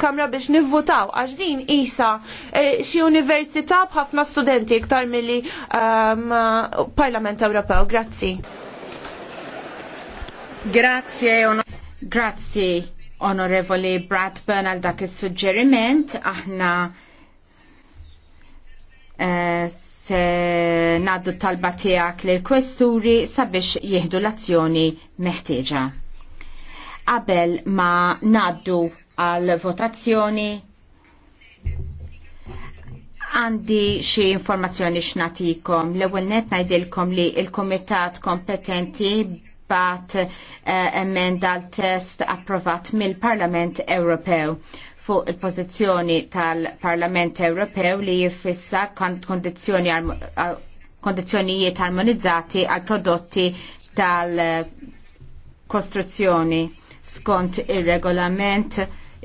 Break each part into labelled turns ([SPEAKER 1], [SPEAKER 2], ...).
[SPEAKER 1] kamra biex nivvutaw għax din isa e, xi università b'ħafna studenti iktar milli um, Parlament Ewropew. Grazzi. Grazie. Grazzi onorevoli Bradburn għal dak is-suġġeriment aħna e, se naddu talba tiegħek l kwesturi sabiex jieħdu l-azzjoni meħtieġa. Qabel ma naddu għal votazzjoni għandi xie informazzjoni xnatikom. L-ewel net najdilkom li il-komitat kompetenti bat eh, emenda l-test approvat mill-Parlament Ewropew fuq il-pozizjoni tal-Parlament Ewropew li jiffissa kondizjoni eh, kondizjonijiet armonizzati għal prodotti tal-kostruzzjoni eh, skont il-regolament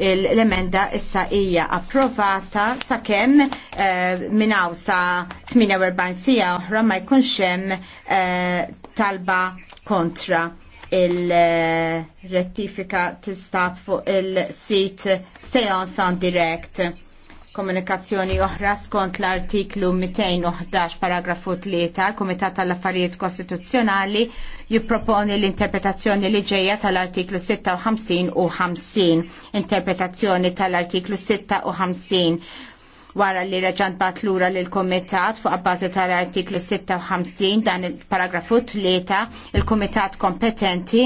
[SPEAKER 1] l-emenda issa hija approvata sakemm uh, eh, minnaw sa 48 sija oħra ma jkunx hemm eh, talba kontra il-rettifika tista' fuq il-sit Seance on Direct. Komunikazzjoni oħra skont l-artiklu 211 paragrafu 3 tal-Kumitat tal-Affarijiet Kostituzzjonali jipproponi l-interpretazzjoni li ġejja tal-artiklu 56 u 50. Interpretazzjoni tal-artiklu 56 wara li reġant bat lura l komitat fuq abbażi tal-artiklu 56 dan il-paragrafu 3 il-komitat kompetenti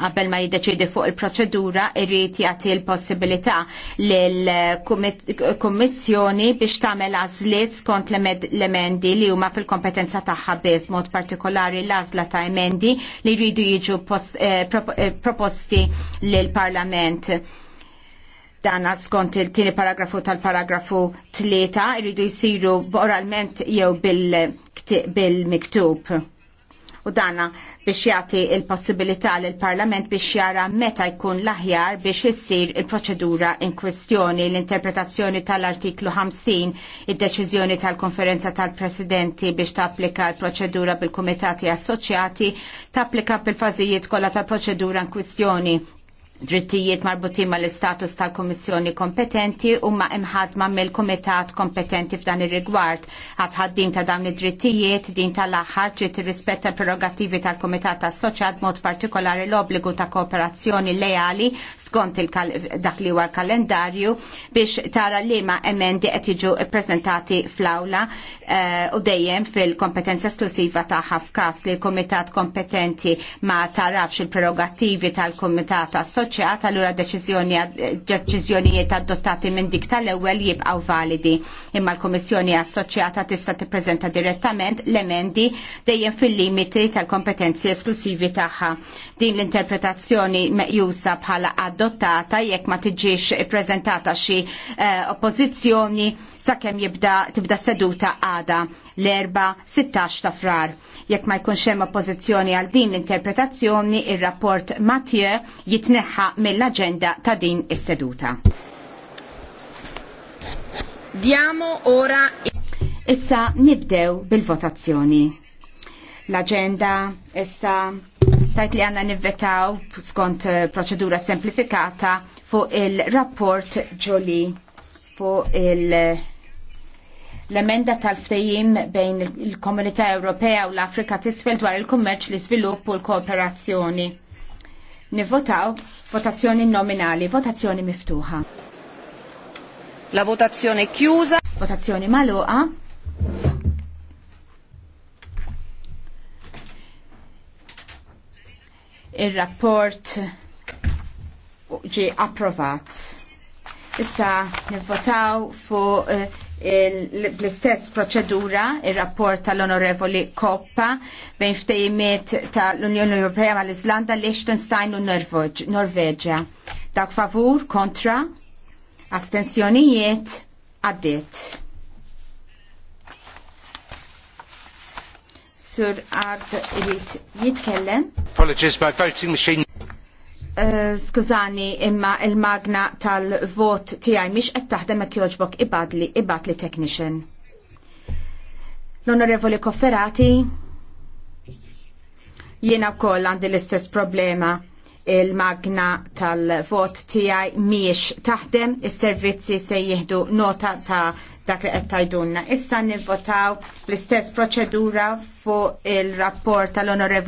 [SPEAKER 1] qabel ma jiddeċidi fuq il-proċedura irrid jagħti l-possibilità lill kummissjoni biex tagħmel għażliet skont l-emendi li huma fil-kompetenza tagħha biss mod partikolari l-għażla ta' emendi li jridu jiġu eh, eh, proposti lill-Parlament dana skont il-tieni paragrafu tal-paragrafu tlieta jridu jsiru oralment jew bil-miktub u dana biex jagħti il-possibilità lill parlament biex jara meta jkun l-aħjar biex issir il-proċedura in kwestjoni l-interpretazzjoni tal-artiklu 50 id-deċiżjoni tal-konferenza tal-presidenti biex tapplika l-proċedura bil-komitati assoċjati tapplika bil-fażijiet kollha tal-proċedura in kwestjoni drittijiet marbutin mal istatus tal-Komissjoni kompetenti u ma imħadma mill kumitat kompetenti f'dan ir-rigward. Għadħaddim ta' dawn id-drittijiet din tal-aħħar trid rispetta l-prerogativi tal-Kumitat Assoċjat mod partikolari l-obbligu ta' kooperazzjoni lejali skont dak li war kalendarju biex tara li ma emendi qed jiġu ippreżentati fl-awla eh, u dejjem fil-kompetenza esklusiva ta' ħafkas li l-Kumitat kompetenti ma tarafx il-prerogativi tal-Kumitat Assoċjat assoċjat allura deċiżjonijiet adottati minn dik tal-ewwel jibqgħu validi. Imma l-Kummissjoni Assoċjata tista' tippreżenta direttament l-emendi dejjem fil-limiti tal-kompetenzi esklusivi tagħha. Din l-interpretazzjoni meqjusa bħala adottata jekk ma tiġix ippreżentata xi eh, oppożizzjoni sakemm jibda tibda seduta għada l-4-16 ta' frar. Jekk ma jkunx hemm oppożizzjoni għal din l-interpretazzjoni, ir-rapport Mathieu jitneħħa mill-aġenda ta' din is-seduta. Diamo ora Issa nibdew bil-votazzjoni. L-aġenda issa tajt li għanna nivvetaw skont eh, proċedura semplifikata fuq il-rapport ġoli fuq il- l-emenda tal-ftejim bejn il-Komunità Ewropea u l-Afrika tisfel dwar il-kummerċ, l-iżvilupp u l-kooperazzjoni. Nivvotaw votazzjoni nominali, votazzjoni miftuħa. La votazzjoni chiusa. Votazzjoni maluqa. Il-rapport ġi approvat. Issa nivvotaw fuq uh, bl-istess proċedura il-rapport tal-Onorevoli Koppa bejn ftejimiet tal-Unjoni Ewropea mal iżlanda Liechtenstein u Norveġa. Dak favur, kontra, astensjonijiet, għaddit. Sur Art jitkellem. Apologies, my voting machine. Eh, skużani imma il-magna tal-vot tiegħi mhix qed taħdem hekk jogħġbok ibadli ibadli technician. L-Onorevoli Kofferati jiena wkoll għandi l-istess problema il-magna tal-vot tiegħi mhijiex taħdem, is-servizzi se jieħdu nota ta' dak li qed tajdunna. Issa nivvotaw l-istess proċedura fuq il-rapport tal-Onorevoli